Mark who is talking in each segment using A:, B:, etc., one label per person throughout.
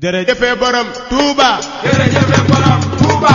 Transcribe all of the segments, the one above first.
A: jërëjëf borom Touba. jërëjëf borom Touba.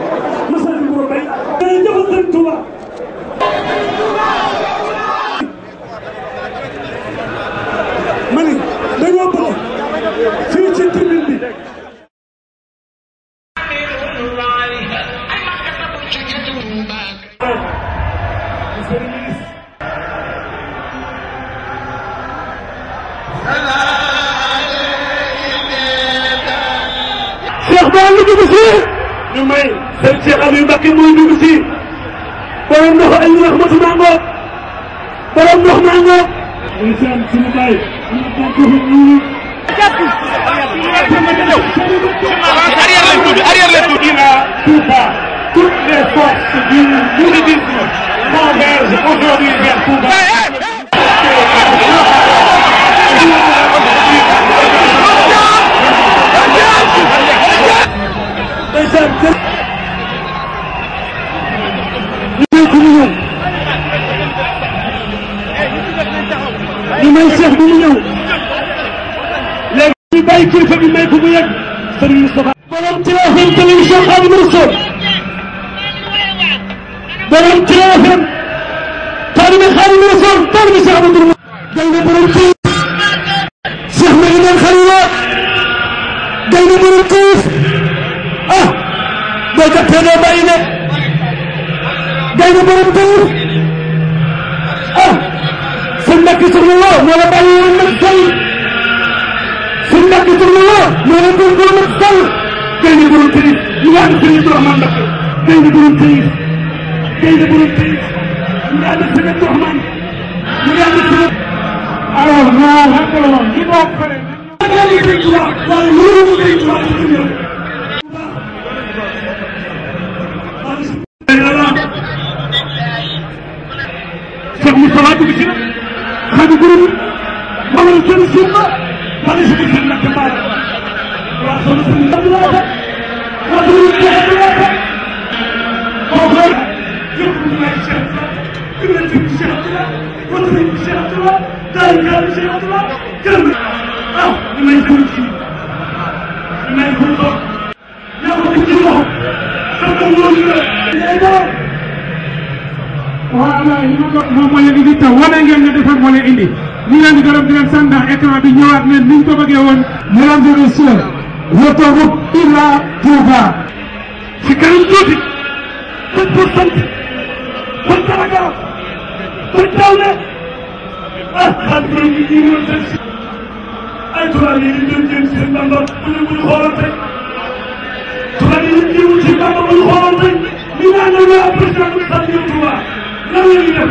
B: Muna président Macky Sall ñëw Touba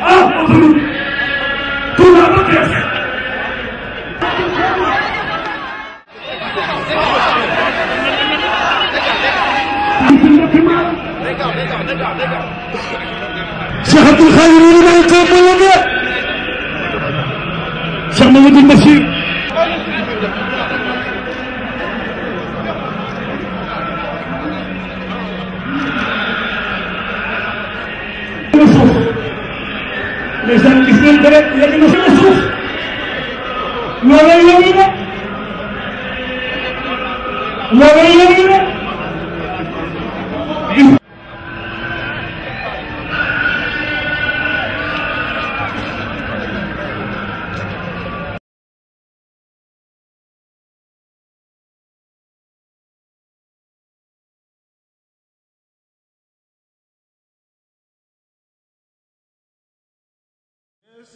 B: ah autoroute Touba ba Thiès Cheikh Abdoul Khadir a no ¿Lo no ¿Lo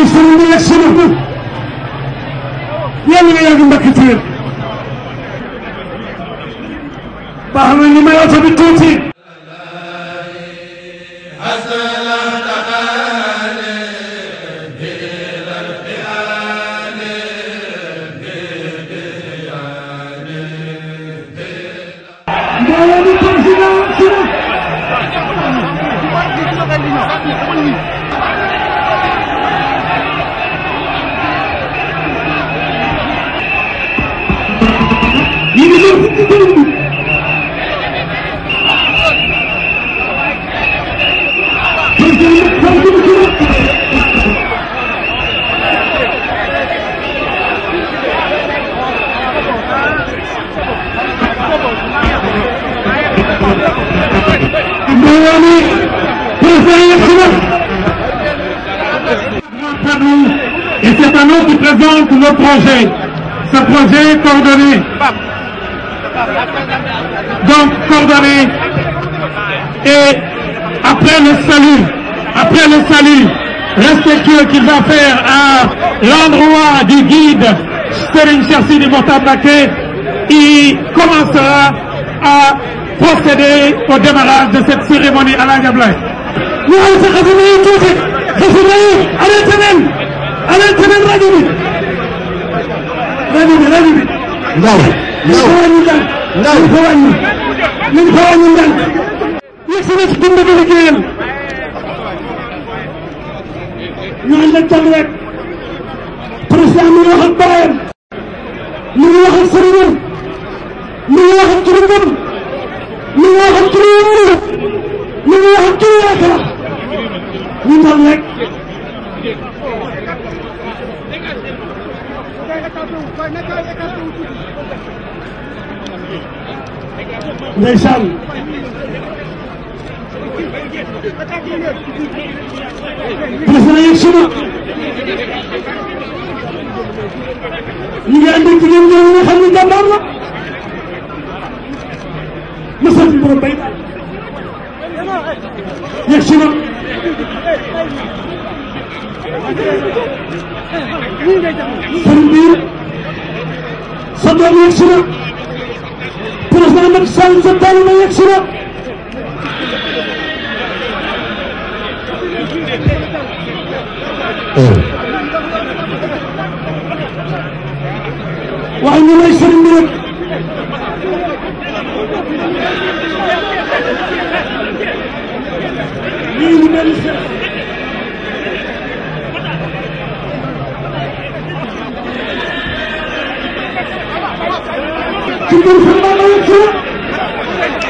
B: yoonu sëriñ bi yegg si na yàlla nga yàgg mbakk téer baax na li may oto bi tuuti Donc le projet. Ce projet est coordonné. Donc, coordonné. Et après le salut, après le salut respectueux qu'il va faire à l'endroit du guide Sterling Chersi du il commencera à procéder au démarrage de cette cérémonie à la Nous rajo bi rajo bi. ndaw ndaw ndaw ñu ko wàññi ñu ko wàññi ndànk. yegg si na si dund bi liggéeyam ñu ànd ak jàmm rek. ndeysaan président yëg suma ñu ngi ànd ak jigéen ñoom nga xam ne jàmbaar la mësal fi borom bay yëg suma sëriñ bi sa doom yëg suma من سلم زبان ما يكسره وعين الايسر منك مين ملسه Kimdir Fırman'ı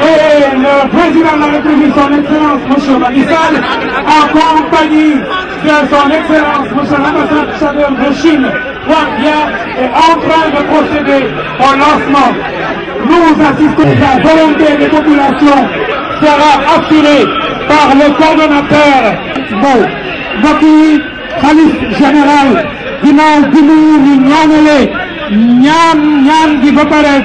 B: et le président de la République, son Excellence, M. Manissal, en compagnie de son Excellence, M. l'ambassadeur de Chine, est en train de procéder au lancement. Nous assistons à la volonté des populations sera assurée par le coordonnateur Bon, Baki, Khalif Général, Dimanche Dimour, Nyanele, Nyan Nyan qui va paraître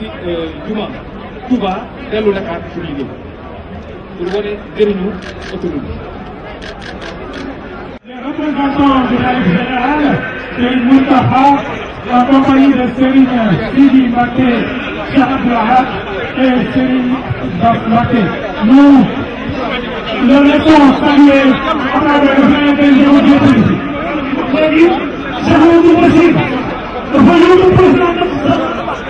A: ci euh, juma Touba dellu Dakar pour liggéey
C: pour wane jëriñu autonomie.
B: les représentants du Khalife général Serigne Mountakha en compagnie de Serigne Sidi Mbacké Cheikh Abdou Lahad et Serigne Bass Mbacké. nous le laissons saluer à travers le président de la République. léegi.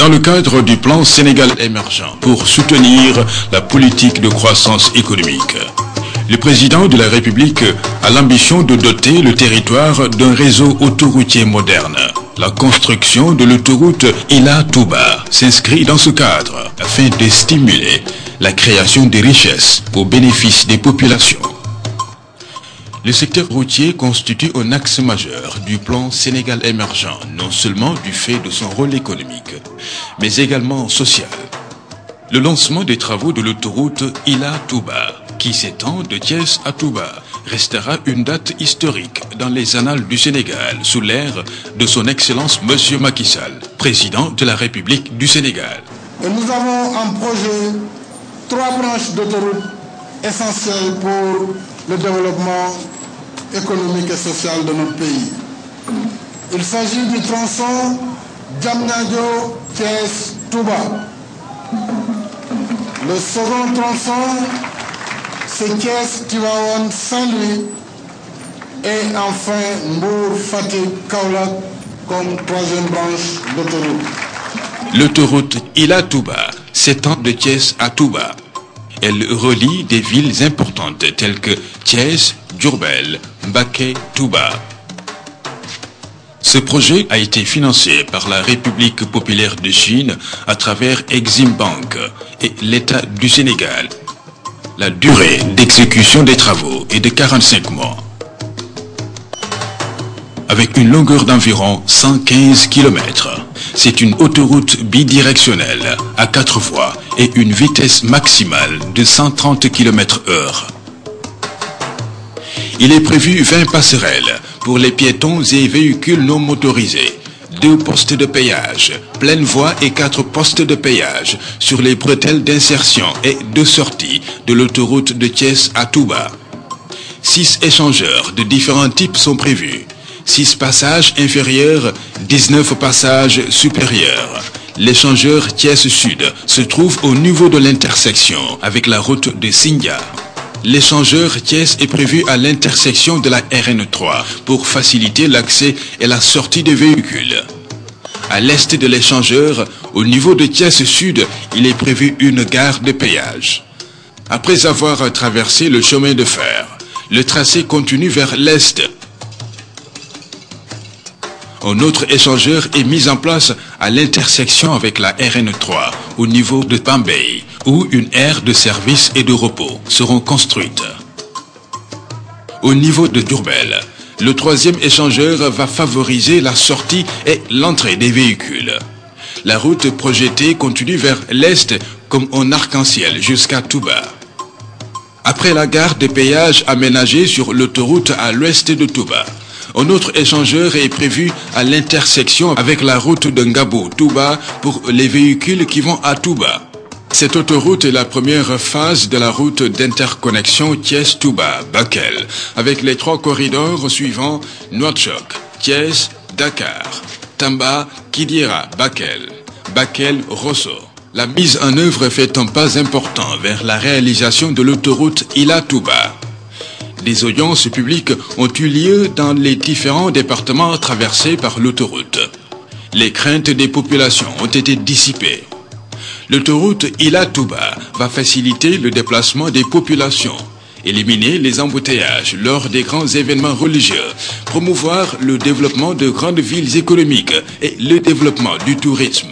D: dans le cadre du plan Sénégal émergent pour soutenir la politique de croissance économique. Le président de la République a l'ambition de doter le territoire d'un réseau autoroutier moderne. La construction de l'autoroute Ila Touba s'inscrit dans ce cadre afin de stimuler la création des richesses au bénéfice des populations. Le secteur routier constitue un axe majeur du plan Sénégal émergent, non seulement du fait de son rôle économique, mais également social. Le lancement des travaux de l'autoroute Ila-Touba, qui s'étend de Thiès à Touba, restera une date historique dans les annales du Sénégal sous l'ère de son Excellence Monsieur Macky Sall, président de la République du Sénégal.
E: nous avons en projet trois branches d'autoroute essentielles pour le développement économique et social de notre pays. Il s'agit du tronçon Djamnadio Thiès Touba. Le second tronçon, c'est Thiès Tivaouane Saint-Louis et enfin Mbour Fatih Kaolack comme troisième branche d'autoroute.
D: L'autoroute Ila Touba s'étend de Thiès à Touba elle relie des villes importantes telles que Thiès, Djurbel, Mbaké, Touba. Ce projet a été financé par la République populaire de Chine à travers Exim Bank et l'État du Sénégal. La durée d'exécution des travaux est de 45 mois avec une longueur d'environ 115 km. C'est une autoroute bidirectionnelle à quatre voies et une vitesse maximale de 130 km heure. Il est prévu 20 passerelles pour les piétons et véhicules non motorisés, deux postes de payage, pleine voie et quatre postes de payage sur les bretelles d'insertion et de sortie de l'autoroute de Thiès à Touba. Six échangeurs de différents types sont prévus. 6 passages inférieurs, 19 passages supérieurs. L'échangeur Thiès Sud se trouve au niveau de l'intersection avec la route de Singa. L'échangeur Thiès est prévu à l'intersection de la RN3 pour faciliter l'accès et la sortie des véhicules. À l'est de l'échangeur, au niveau de Thiès Sud, il est prévu une gare de péage. Après avoir traversé le chemin de fer, le tracé continue vers l'est un autre échangeur est mis en place à l'intersection avec la RN3 au niveau de Pambay, où une aire de service et de repos seront construites. Au niveau de Durbel, le troisième échangeur va favoriser la sortie et l'entrée des véhicules. La route projetée continue vers l'est comme en arc-en-ciel jusqu'à Touba. Après la gare de péage aménagée sur l'autoroute à l'ouest de Touba, un autre échangeur est prévu à l'intersection avec la route de Ngabo-Touba pour les véhicules qui vont à Touba. Cette autoroute est la première phase de la route d'interconnexion Thiès-Touba-Bakel, avec les trois corridors suivants Nouakchott, Thiès, Dakar, Tamba, Kidira, Bakel, Bakel, Rosso. La mise en œuvre fait un pas important vers la réalisation de l'autoroute Ila-Touba. Des audiences publiques ont eu lieu dans les différents départements traversés par l'autoroute. Les craintes des populations ont été dissipées. L'autoroute Ila-Touba va faciliter le déplacement des populations, éliminer les embouteillages lors des grands événements religieux, promouvoir le développement de grandes villes économiques et le développement du tourisme.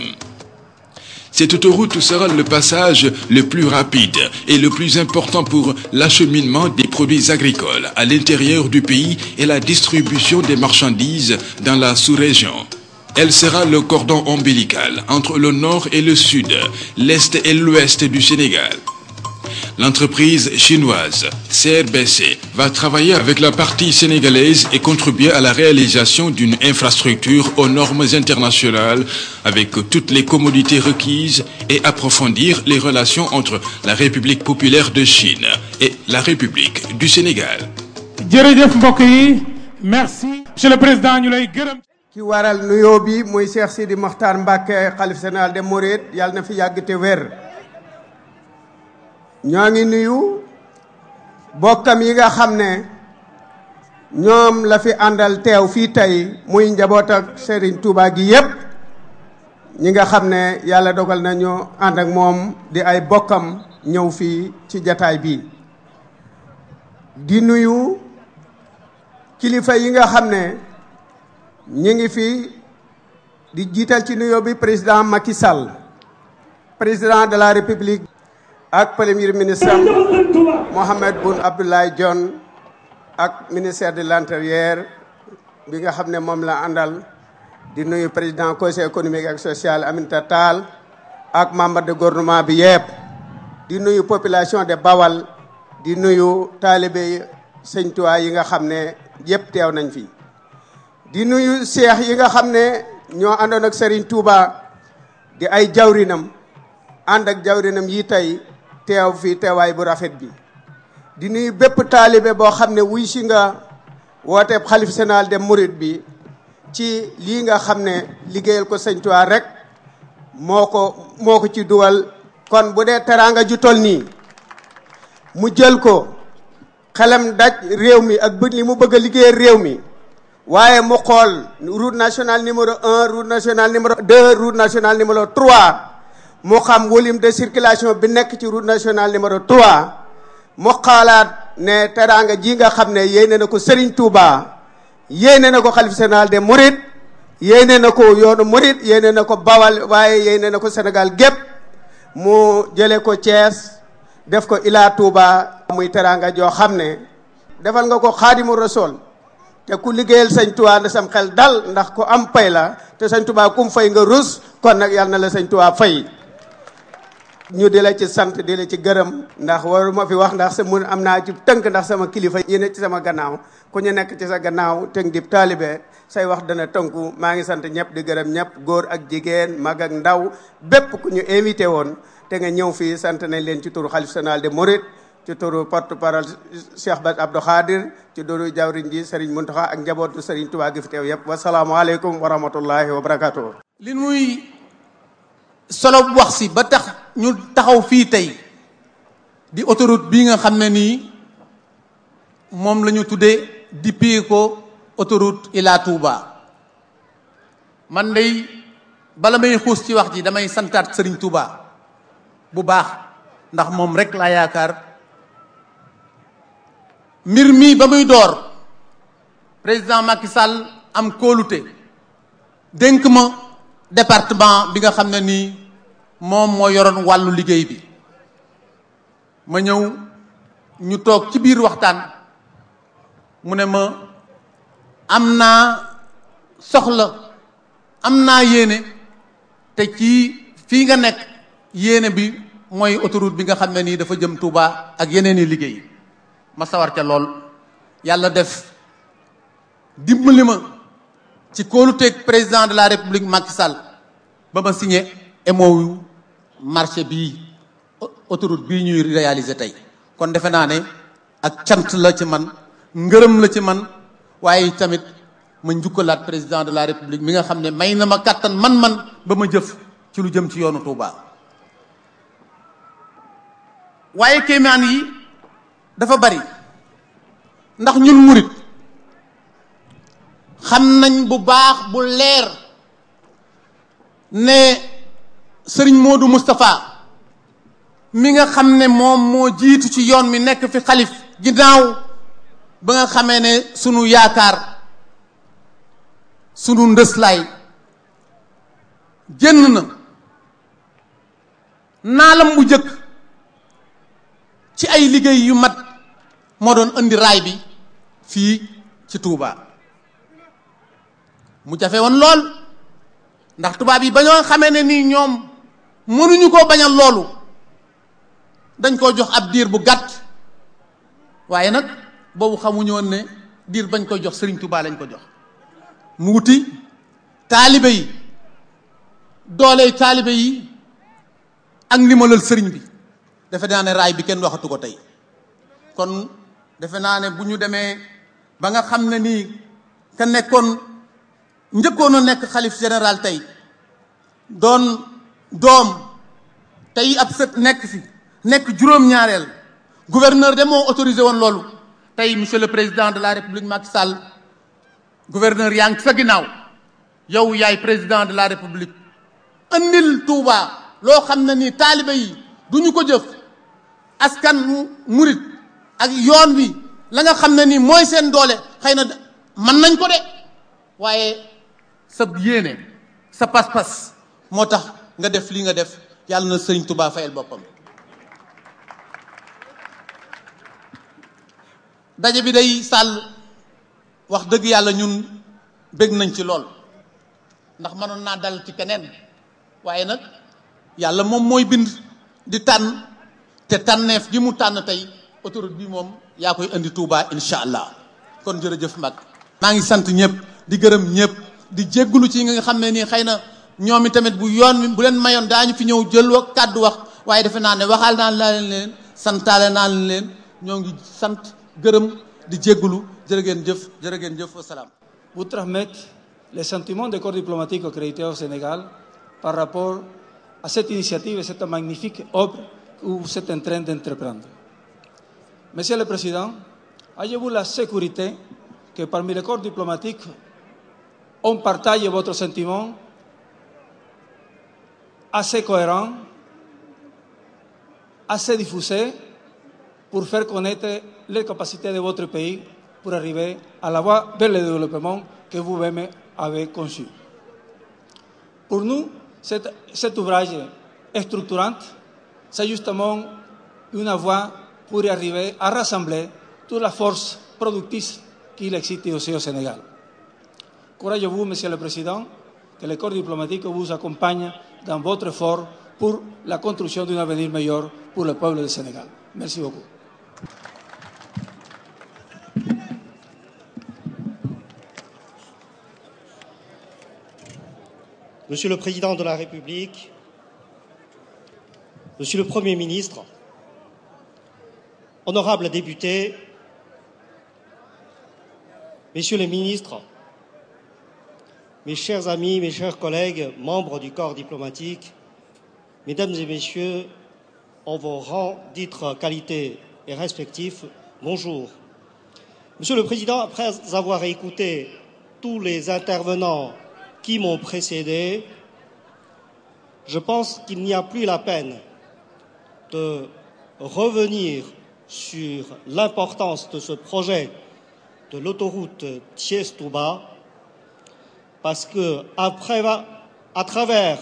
D: Cette autoroute sera le passage le plus rapide et le plus important pour l'acheminement des produits agricoles à l'intérieur du pays et la distribution des marchandises dans la sous-région. Elle sera le cordon ombilical entre le nord et le sud, l'est et l'ouest du Sénégal. L'entreprise chinoise CRBC va travailler avec la partie sénégalaise et contribuer à la réalisation d'une infrastructure aux normes internationales avec toutes les commodités requises et approfondir les relations entre la République populaire de Chine et la République du Sénégal.
A: Merci. le Président, ñoo ngi nuyu bokkam yi nga xam ne ñoom la fi àndal teew fii tey muy njaboot ak Serigne Touba gi yépp ñi nga xam ne yàlla dogal nañu ànd ak moom di ay bokkam ñëw fii ci jataay bi di nuyu kilifa yi nga xam ne ñi ngi fi di jiital ci nuyo bi président Macky Sall président de la République ak premier ministre Mohamed Boun Abdallah Dionne ak ministère de l'intérieur bi nga xam ne moom la àndal di nuyu président conseil économique ak social Aminata Tall ak membre de gouvernement bi yëpp di nuyu population de Bawal di nuyu taalibe Sëñ Tuubaa yi nga xam ne yëpp teew nañ fi di nuyu seex yi nga xam ne ñoo àndoon ak Serigne Touba di ay jawrinam ànd ak jawrinam yi tey teew fi teewaay bu rafet bi di bépp taalibe boo xam ne wuy si nga wooteeb xalif général des mourides bi ci lii nga xam ne liggéeyal ko Sëñ rek moo ko moo ko ci duwal kon bu dee teraanga ju tol nii mu jël ko xelam daj réew mi ak bët li mu bëgg a liggéeyal réew mi waaye mu xool route nationale numéro un route nationale numéro deux route nationale numéro trois mu xam volume de circulation bi nekk ci route national numéro 3 mu xaalaat ne teraanga ji nga xam ne yéene na ko Serigne Touba yéene na ko xalif général des Mourides yéene na ko yoonu Mouride yéene na ko Bawal waaye yéene na ko senegal gépp mu jële ko Thiès def ko Ila Touba muy teraanga joo xam ne defal nga ko xaadimu rasool te ku liggéeyal sëñ Tuubaa na xel dal ndax ko am pay la te sëñ Tuubaa kum fay nga rus kon nag yàlla na la sëñ Tuubaa fay ñu di la ci sant di la ci gërëm ndax waruma fi wax ndax sama am naa ci tënk ndax sama kilifa yi ci sama gannaaw ku ñu nekk ci sa gannaaw tënk di taalibe say wax dana tënku maa ngi sant ñëpp di gërëm ñëpp góor ak jigéen mag ak ndaw bépp ku ñu invité woon te nga ñëw fii sant nañ leen ci turu xalif sanal de Mouride ci turu porte parole Cheikh Bass Abdou Khadir ci turu jawriñ ji Serigne Mountakha ak njabootu Serigne Touba gi fi teew yëpp alaykum wa rahmatullahi wa barakatuh lin muy solo wax si
F: ba tax ñu taxaw fii tey di autoroute bi nga xam ne nii moom la ñu tuddee dippee ko autoroute ila touba man day bala may xuus ci wax ji damay santaat sëriñ touba bu baax ndax moom rek laa yaakaar mbir mii ba muy door président Macky Sall am kóolute denk ma département bi nga xam ne nii moom moo yoroon wàllu liggéey bi ma ñëw ñu toog ci biir waxtaan mu ne ma am naa soxla am naa yéene te ci fii nga nekk yéene bi mooy autoroute bi nga xam ne nii dafa jëm Touba ak yeneen i liggéey ma sawar ca lool yàlla def dimbali ma ci kóoluteeg président de la république Macky sal ba ma signé MOU marché bi autoroute bii ñuy réaliser tey kon defe naa ne ak cant la ci man ngërëm la ci man waaye tamit ma njukkalaat président de la république mi nga xam ne may na ma kàttan man-man ba ma jëf ci lu jëm ci yoonu Touba waaye kéemaan yi dafa bari ndax ñun murit xam nañ bu baax bu leer ne sëriñ Moodu Moustapha mi nga xam ne moom moo jiitu ci yoon mi nekk fi xalif ginnaaw ba nga xamee ne sunu yaakaar sunu ndëslaay jën na naalam bu jëkk ci ay liggéey yu mat moo doon indi raay bi fii ci tuubaa mu jafe woon lool ndax tubaab yi bañoo xamee ne nii ñoom mënuñu koo bañal loolu dañ koo jox ab diir bu gàtt waaye nag boobu xamuñu woon ne diir bañ koy jox Sëriñ Tuubaa lañ ko jox mu wuti taalibe yi dooley taalibe yi ak ndimalal sëriñ bi defe naa ne raay bi kenn waxatu ko tey kon defe naa ne bu ñu demee ba nga xam ne nii ka nekkoon njëkkoon a nekk xalif général tey doon doom tey ab sët nekk fi nekk juróom-ñaareel gouverneur de moo autorisé woon loolu tey monsieur le président de la république Macky Sall gouverneur yaa ngi sa naaw yow yaay président de la république andil Touba loo xam ne ni taalibe yi du ñu ko jëf askan murit ak yoon wi la nga xam ne ni mooy seen doole xëy na mën nañ ko de waaye sa yéene sa pas-pas moo tax nga def li nga def yàlla na sëñ Touba fayal boppam daje bi day sàll wax dëgg yàlla ñun bëgg nañ ci lool ndax mënoon naa dal ci keneen waaye nag yàlla moom mooy bind di tànn te tànneef gi mu tànn tey autoroute bi moom yaa koy indi Touba incha allah kon jërëjëf mag maa ngi sant ñëpp di gërëm ñëpp di jéggulu ci nga xam ne nii xëy na ñoom i bu yoon wi bu leen mayoon daañu fi ñëw jël wa kàddu wax waaye dafa naa ne waxaal naa leen leen santaale naa leen ñoo ngi sant
G: gërëm di jéggulu jërë jëf jërë jëf wasalaam. Vous Ahmed les sentiments de corps diplomatiques accrédités au Sénégal par rapport à cette initiative et cette magnifique œuvre que vous êtes en train d'entreprendre. Monsieur le Président, avez-vous la sécurité que parmi les corps diplomatiques On partage votre sentiment assez cohérent, assez diffusé pour faire connaître les capacités de votre pays pour arriver à la voie vers le développement que vous-même avez conçu. Pour nous, cet, cet ouvrage structurant, c'est justement une voie pour arriver à rassembler toute la force productive qui existe aussi au Sénégal. Couragez vous, Monsieur le Président, que le corps diplomatique vous accompagne dans votre effort pour la construction d'un avenir meilleur pour le peuple du Sénégal. Merci beaucoup.
H: Monsieur le Président de la République, Monsieur le Premier ministre, honorables députés, Messieurs les ministres, mes chers amis, mes chers collègues, membres du corps diplomatique, mesdames et messieurs, en vos rangs, titres, qualités et respectifs, bonjour. Monsieur le Président, après avoir écouté tous les intervenants qui m'ont précédé, je pense qu'il n'y a plus la peine de revenir sur l'importance de ce projet de l'autoroute Thiès-Touba parce que à travers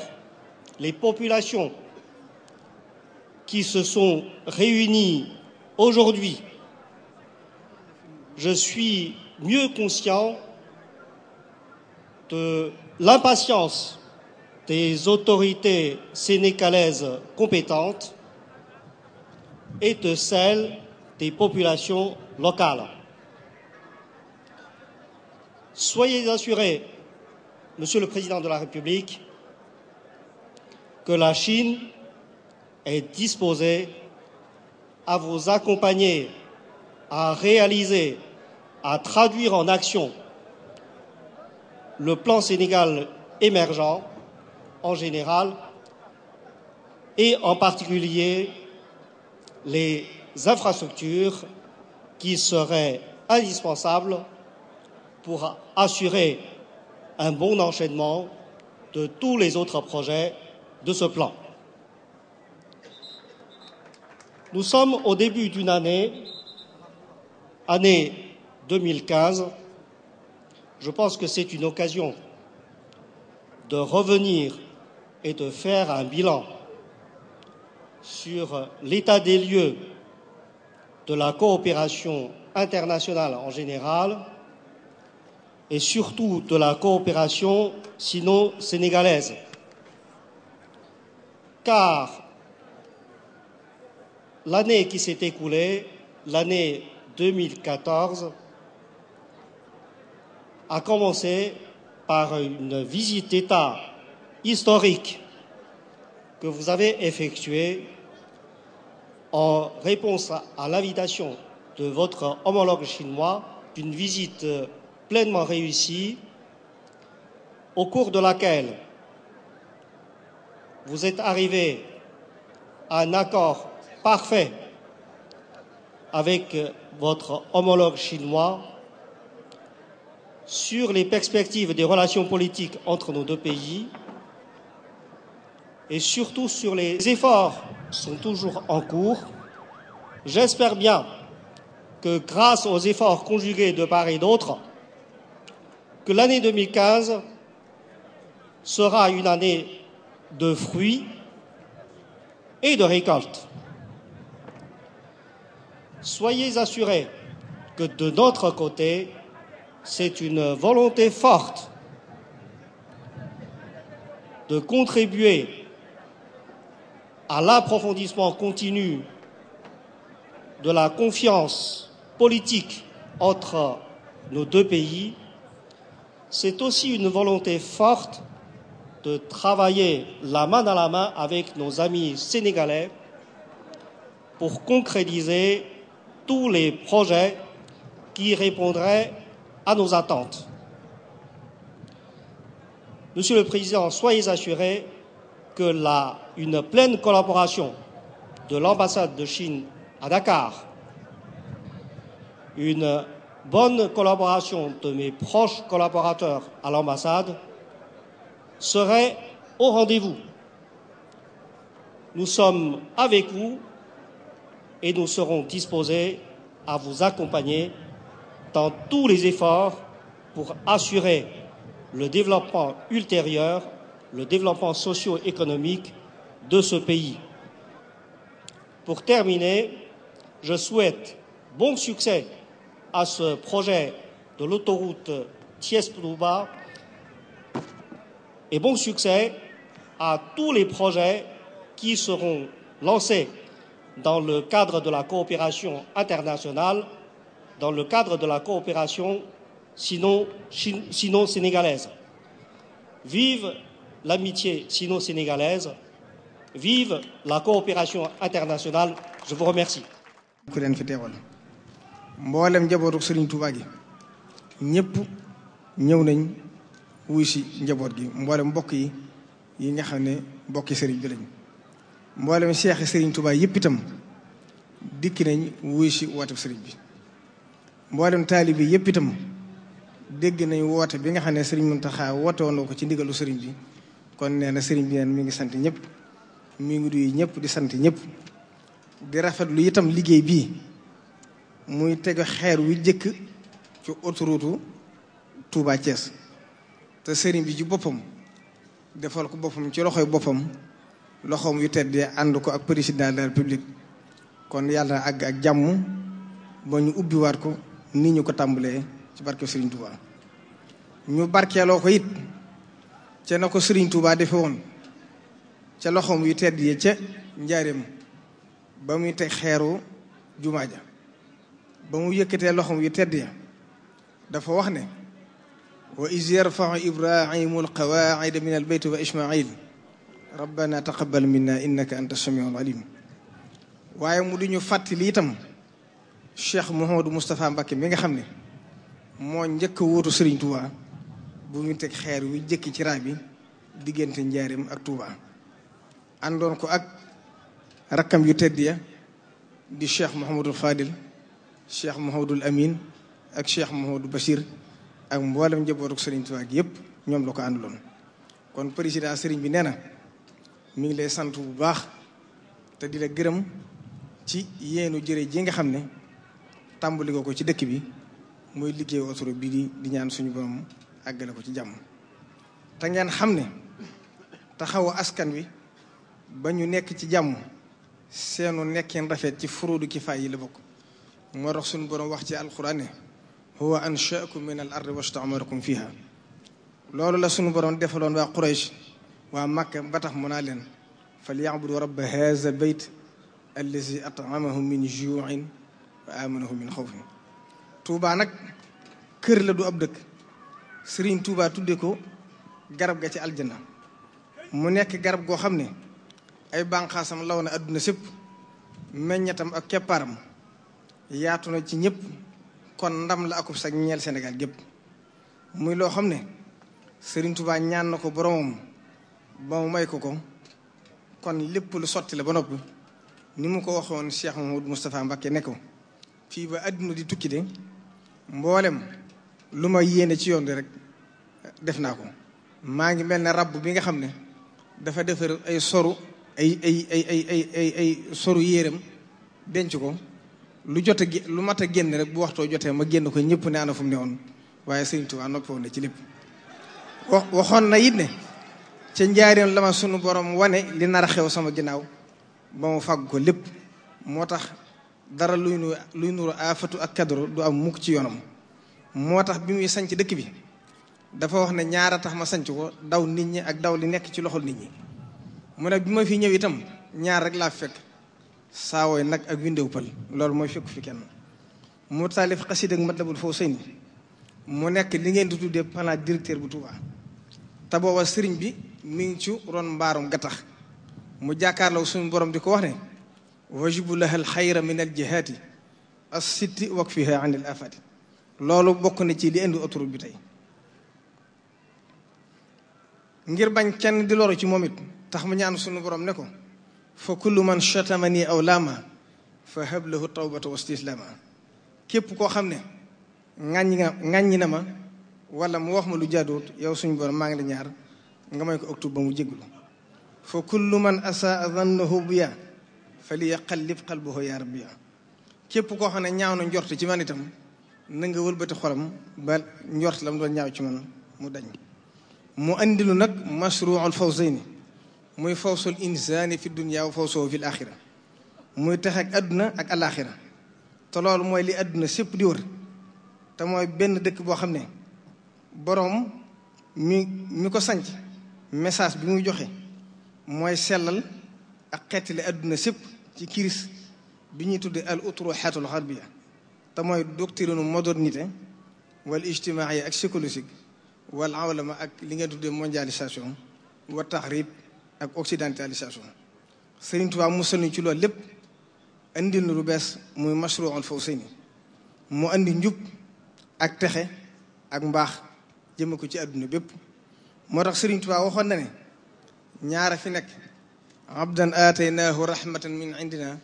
H: les populations qui se sont réunies aujourd'hui, je suis mieux conscient de l'impatience des autorités sénégalaises compétentes et de celle des populations locales. Soyez assurés Monsieur le Président de la République, que la Chine est disposée à vous accompagner, à réaliser, à traduire en action le plan Sénégal émergent en général et en particulier les infrastructures qui seraient indispensables pour assurer un bon enchaînement de tous les autres projets de ce plan. Nous sommes au début d'une année, année 2015. Je pense que c'est une occasion de revenir et de faire un bilan sur l'état des lieux de la coopération internationale en général et surtout de la coopération sino-sénégalaise. Car l'année qui s'est écoulée, l'année 2014, a commencé par une visite d'État historique que vous avez effectuée en réponse à l'invitation de votre homologue chinois d'une visite pleinement réussi, au cours de laquelle vous êtes arrivé à un accord parfait avec votre homologue chinois sur les perspectives des relations politiques entre nos deux pays et surtout sur les efforts qui sont toujours en cours. J'espère bien que grâce aux efforts conjugués de part et d'autre, que l'année 2015 sera une année de fruits et de récoltes. Soyez assurés que de notre côté, c'est une volonté forte de contribuer à l'approfondissement continu de la confiance politique entre nos deux pays c'est aussi une volonté forte de travailler la main dans la main avec nos amis sénégalais pour concrétiser tous les projets qui répondraient à nos attentes. Monsieur le Président, soyez assurés que la, une pleine collaboration de l'ambassade de Chine à Dakar, une bonne collaboration de mes proches collaborateurs à l'ambassade serait au rendez-vous. Nous sommes avec vous et nous serons disposés à vous accompagner dans tous les efforts pour assurer le développement ultérieur, le développement socio-économique de ce pays. Pour terminer, je souhaite bon succès à ce projet de l'autoroute Thiès-Touba et bon succès à tous les projets qui seront lancés dans le cadre de la coopération internationale, dans le cadre de la coopération sino-sénégalaise. Vive l'amitié sino-sénégalaise, vive la coopération internationale. Je vous remercie.
C: mboolem njabootu sëriñ Touba gi ñëpp ñëw nañ wuy si njaboot gi mboolem mbokk yi yi nga xam ne mbokki sëriñ bi lañ mboolem seexi sëriñ Touba yëpp itam dikki nañ wuy si woote sëriñ bi mboolem taalibe yi yëpp itam dégg nañ woote bi nga xam ne sëriñ Mountakha woote woon ko ci ndigalu sëriñ bi kon nee na sëriñ bi neen mi ngi sant ñëpp mu ngi duy ñëpp di sant ñëpp di rafetlu itam liggéey bii muy tegu xeer wi jëkk ci autoroute tuuba Thiès te sëriñ bi ci boppam defal ko boppam ci loxoy boppam loxoom yu teddee ànd ko ak président de république kon yàlla àgg ak jàmm ba ñu ubbiwaat ko ni ñu ko tàmbalee ci barke Serigne Touba. ñu barkeeloo ko it ca na ko Serigne Touba defe woon ca loxoom yu tedd yi ca njaareem ba muy teg xeeru jumaa ja ba mu yëkkatee loxom yu tedd ya dafa wax ne wa is yarfacu ibrahimu alqawaacida min albayt wa ismail rabbana taqabal minna innaka anta samiu alalim waaye mu duñu fàttali itam cheikh Mouhamadou Moustapha Mbacké mi nga xam ne moo njëkk wóotu Serigne Touba bu ñu teg xeer wi jëkki ci raay bi diggante njaarim ak Touba àndoon ko ak rakkam yu tedd ya di cheikh Mouhamadou Fadil cheikh Mouhamadul Amin ak cheikh Mouhamadou Bachir ak mboolem njabootu Serigne Touba gi yëpp ñoom la ko àndaloon. kon président Serigne bi nee na mi ngi lay santu bu baax te di la gërëm ci yéenu jëre jii nga xam ne tàmbali ko ci dëkk bi mooy liggéey autoroute bi di ñaan suñu borom àggale ko ci jàmm te ngeen xam ne te taxawu askan wi ba ñu nekk ci jàmm seenu nekkin rafet ci ki kifaay yi la bokk. مرخ سن بروم وخشي القران هو انشاكم من الارض واستعمركم فيها لولا لا سن بروم ديفالون وا قريش وا مكه باتخ منالين فليعبدوا رب هذا البيت الذي اطعمهم من جوع وامنهم من خوف توبا نك كير لا دو اب دك سيرين توبا تديكو غرب غتي الجنه مو نيك غرب غو خامني اي بانخاسام لاونا ادنا سيب meññatam ak kepparam yaatu na ci ñëpp kon ndam la akub sag ñeel Sénégal gépp muy loo xam ne Serigne Touba ñaan na ko boromam ba mu may ko ko kon lépp lu sotti la ba noppi ni mu ko waxoon Cheikh Mamadou Moustapha Mbacké nekko ko fii ba àdduna di tukki de mboolem lu ma yéene ci yoon bi rek def naa ko. maa ngi mel ne rab bi nga xam ne dafa defar ay soru ay ay ay ay ay ay soru yéeram denc ko. lu jot a lu mat a génn rek bu waxtoo jotee ma génn ko ñëpp ne ana ne woon waaye sëñ Tuubaa noppoon na ci lépp wax waxoon na it ne ca njaareem la ma sunu borom wane li nar a xew sama ginnaaw ba mu fàgg ko lépp moo tax dara luy nu luy nuru aafatu ak kadru du am mukk ci yoonam moo tax bi muy sanc dëkk bi dafa wax ne ñaara tax ma sañc ko daw nit ñi ak daw li nekk ci loxol nit ñi mu ne bi ma fi ñëw itam ñaar rek laa fekk saawooy nag ak windew pël loolu mooy fekku fi kenn mu taalif xasida ak matlabul foo sëñ mu nekk li ngeen di tuddee pendant directeur bu Touba te booba sëriñ bi mi ngi ci ron mbaarum gattax mu jàkkaarloo suñu borom di ko wax ne wajibu lahal xayra min al jihaati as sitti wakfiha an il afati loolu bokk na ci li indi autoroute bi tey ngir bañ kenn di loru ci moom it tax mu ñaan suñu borom ne ko فكل من شتمني أو لاما فهب له التوبة واستسلاما كيف كو خامني غاني نما ولا موخ مولو جادوت يا سوني بور ماغلي نيار غاماي كو اكتوب بامو جيغلو فكل من اساء ظنه بيا فليقلب قلبه يا ربي كيف كو خاني نياونو نجورت سي مان تام نغا ولبت خولم بل نجورت لام دون نياو سي مان مو داني مو اندلو نك مشروع الفوزيني موي فوسو الانسان في الدنيا وفوسو في الاخره موي تخك ادنا اك الاخره تا لول موي لي ادنا سيب دي وور تا موي بن دك بو خامني بروم مي ميكو سانتي ميساج بي موي جوخي موي سلال اك خيتي لي ادنا سيب تي كريس بي ني تودي الاطروحات الغربيه تا موي دوكترين مودرنيتي والاجتماعيه اك سيكولوجيك والعالم اك لي نغي تودي مونجاليزاسيون وتحريب ak occidentalisation Serigne Touba musal ñu ci loolu lépp andi nu lu bees muy mashruul fawsayni mu andi njub ak texe ak mbax jëme ko ci aduna bépp motax Serigne Touba waxon na ne ñaara fi nek abdan ataynahu rahmatan min indina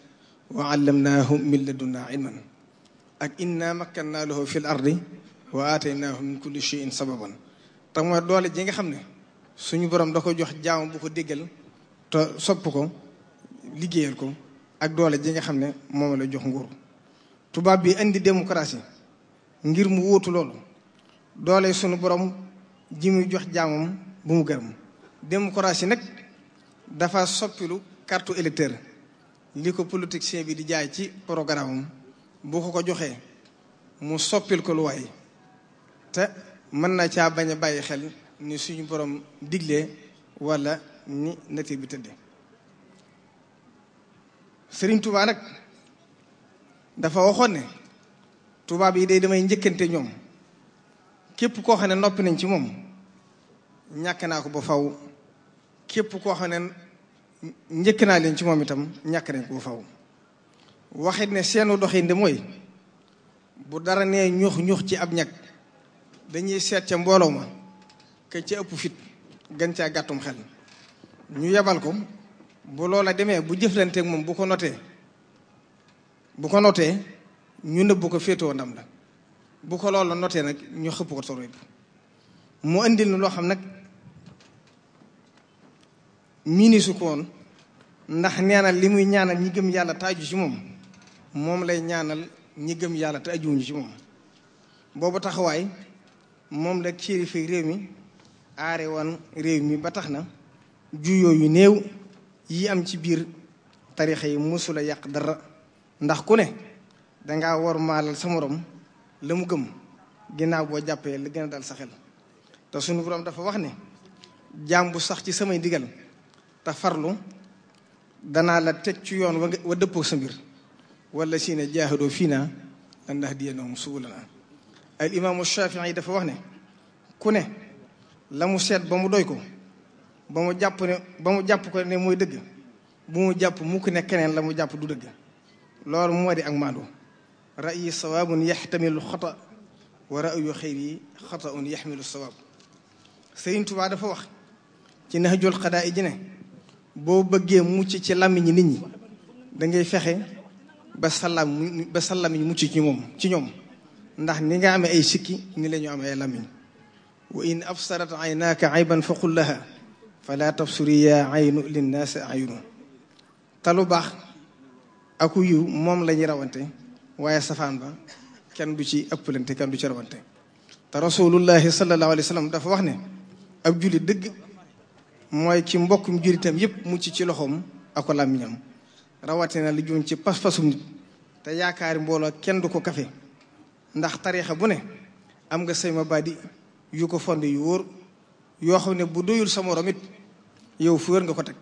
C: wa allamnaahu min ladunna ilman ak inna makkannaa lahu fi l ardi wa aataynaahu min kulli cheyin sababan te mooy ji nga xam suñu borom da ko jox jaam bu ko déggal te sopp ko liggéeyal ko ak doole ji nga xam ne moom la jox nguur tubaab bi indi démocratie ngir mu wóotu loolu doole suñu borom ji muy jox jaamam bu mu gërëm démocratie nag dafa soppilu carte électeur li ko politicien bi di jaay ci programme am bu ko ko joxee mu soppil ko lu waay te mën na caa bañ a bàyyi xel ni suñu borom digle walla ni nature bi tëdde sëriñ Touba nag dafa waxoon ne tubaab yi day damay njëkkante ñoom képp koo xam ne nopp nañ ci moom ñàkk naa ko ba faw képp ko xam ne njëkk naa leen ci moom itam ñàkk nañ ko ba faw waxit ne seenu doxin de mooy bu dara nee ñuux ñuux ci ab ñag dañuy seet ca mbooloo ma ke ci ëpp fit gën caa gàttum xel ñu yabal ko bu loola demee bu jëflanteeg moom bu ko notee bu ko notee ñu nëbb ko féetoo ndam la bu ko loola notee nag ñu xëpp ko toroy bi mu indil nu loo xam nag miinisu ko ndax nee na li muy ñaanal ñi gëm yàlla te aju ci moom moom lay ñaanal ñi gëm yàlla te ajuwuñu ci moom boobu taxawaay moom la kilifa réew mi aare woon réew mi ba tax na juyoo yu néew yi am ci biir tarixa yi mosula yàq dara ndax ku ne da dangaa war maalal sa morom la mu gëm ginnaaw boo jàppee li gën a dal sa xel te suñu borom dafa wax ne jàmbu sax ci samay digal te farlu danaa la teg ci yoon wa wa dëppoo sa mbir wala si ne jaahadoo fii naa landahdiyannahum subulana al imaamu shafii dafa wax ne ku ne lamu set ba mu doy ko ba mu jàpp ne ba mu jàpp ko ne moy deug bu mu jàpp ko ne keneen lamu jàpp du deug loolu moo ak mando ra'yi sawabun yahtamilu khata wa ra'yu khayri khata'un yahmilu sawab seyn Tuubaa dafa wax ci nahjul qada'ij ne bo beugé mucc ci làmmiñi nit ñi da ngay fexe ba salam ba salam mucc ci mom ci ñom ndax ni nga amé ay sikki ni lañu amé ay وإن أبصرت عيناك عيبا فقل لها فلا tabsuri yaa aynu linnaasi aynu te lu baax aku yiw moom la ñuy rawante waaye safaan ba kenn du ci ëppalante kenn du ci rawante te rasulullahi sallallahu alayhi wa sallam dafa wax ne ab jullit dëgg mooy ci mbokkum jullitam yépp mucc ci loxoom ak làmmiñam rawatina li jëm ci pas-pasum nit te yaakaari mbooloo kenn du ko kafe ndax tariixa bu ne am nga say ma baadi yu ko fonde yu wóor yoo xam ne bu doyul sa morom it yow fu wér nga ko teg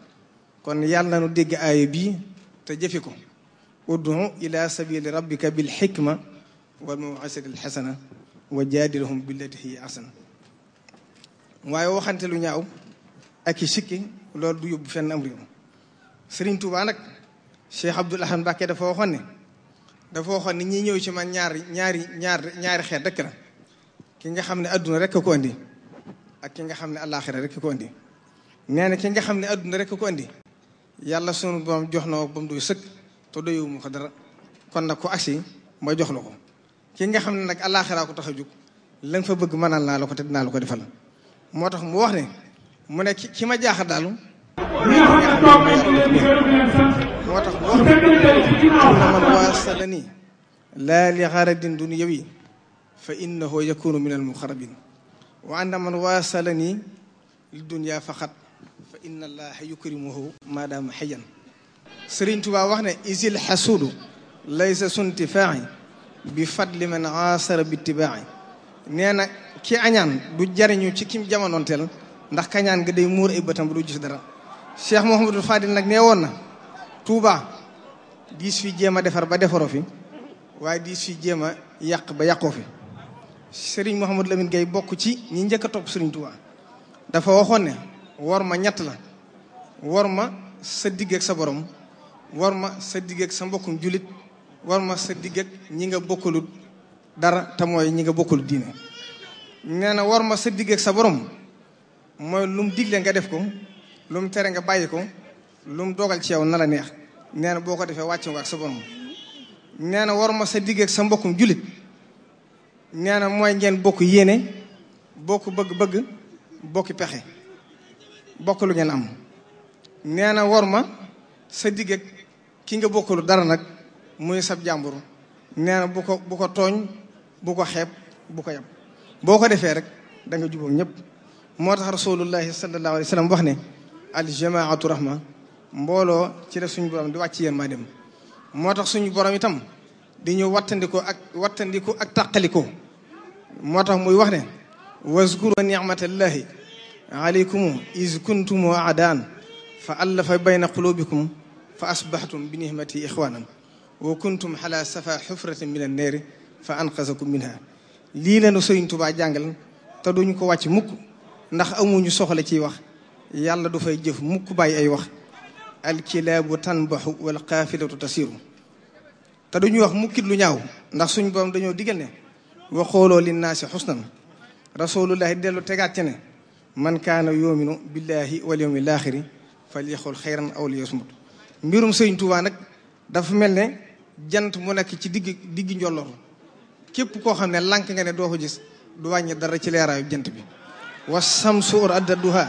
C: kon yàlla na nu dégg aaya bii te jëfe ko ud'u ila sabili rabbika bil hikma wal maw'izati al hasana wa jaadilhum billati hiya ahsan waaye waxante lu ñaaw ak i sikki loolu du yóbbu fenn am réew Sëriñ Tuubaa nag Cheikh Abdoul Ahad Mbacké dafa waxoon ne dafa waxoon ne ñi ñëw ci man ñaari ñaari ñaar ñaari xeet rekk la ki nga xam ne adduna rek ko andi ak ki nga xam ne àllaaxira rek ko andi nee na ki nga xam ne adduna rek ko andi yàlla sunu boom jox na ba mu doy sëkk te doyoo mu ko dara kon nag ku agsi ma jox la ko ki nga xam ne nag àllaaxiraa ko tax a jóg la nga fa bëgg mënal naa la ko te dinaa la ko defal moo tax mu wax ne mu ne ki ma jaaxal daal. moo tax mu wax ne man waasala nii laa li xaaradin dun yow yi فإنه يكون من المخربين وأن من واصلني للدنيا فقط فإن الله يكرمه ما دام حيا سرين توبا وخنا إذ الحسود ليس سنتفاع بفضل من عاصر باتباع نانا كي أنيان دو جارينيو سي كيم جامانونتل ndax kañaan nga day mur ay bëtam du gis dara cheikh mohammed fadil nak newon na touba dis fi jema defar ba defaro fi way dis fi sëriñ Mouhamadou Lamine Gueye bokk ci ñi njëkk a topp sëriñ Touba dafa waxoon ne war ma ñett la war ma sa digg sa borom war ma sa digg sa mbokkum jullit war ma sa digg ñi nga bokkalut dara te mooy ñi nga bokkalut diine nee na war ma sa digg sa borom mooy lu mu digle nga def ko lu mu tere nga bàyyi ko lu mu dogal ci yow na la neex nee boo ko defee wàcce nga ak sa borom nee na war ma sa digg sa mbokkum jullit nee mooy ngeen bokk yéene bokk bëgg-bëgg bokki pexe bokk lu ngeen am nee na war ma sa digg ki nga bokkul dara nag muy sab jàmbur nee na bu ko bu ko tooñ bu ko xeeb bu ko yab boo ko defee rek danga nga jubóog ñëpp moo tax rasulullahi sallallahu alayhi wa sallam wax ne al jamaatu rahma mbooloo ci la suñu borom di wàcc yéen maa dem moo tax suñu borom itam di ñu wattandiku ak wattandiku ak tàqaliku moo tax muy wax ne waskuru nicmatallahi aleykum is kuntum aadaan fa allafa bayna qulubikum fa asbaxtum bi nihmati ixwanan wa kuntum xala safa xufratin min anneeri fa anqasakum minha lii lanu sëriñ tubaa jàngal te duñ ko wàcc mukk ndax amuñu soxla ciy wax yàlla du fay jëf mukk bàyyi ay wax alkilaabu tanbaxu walqaafilatu tasiru te duñu wax mukkit lu ñaaw ndax suñ borom dañoo digal ne wa xooloo linnaasi xusnan rasulullahi dellu tegaat ci ne man kaana yoominu billaahi wal yawmil aaxiri fal yaxul xayran aw liyasmut mbirum sëñ Tuubaa nag dafa mel ne jant mu nekk ci digg digg njolloor képp koo xam ne lank nga ne doo ko gis du wàññi dara ci leeraayu jant bi wa samsu ur adda duha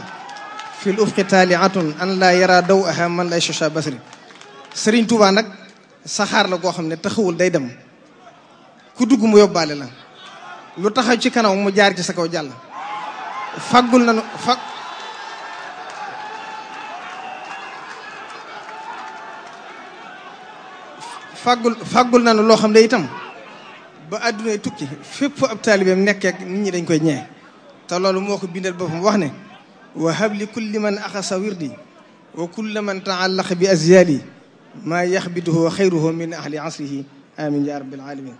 C: fi l ufqi taaliatun an laa yara daw aha man lay sosa basri sëriñ Tuubaa nag sahar la goo xam ne taxawul day dem ku dugg mu yóbbaale la lu taxaw ci kanam mu jaar ci sa kaw jàll faggul nanu fag fagul fagul nanu lo xam itam ba àddunay tukki fépp ab taalibeem nekkee nit ñi dañ koy ñee te loolu moo bindal boppam wax ne wa habli kulli man axasa wirdi وكل من تعلق بأزيالي maa yaxbituhu xayruhu min ahli asrihi amin ya rabbil alamin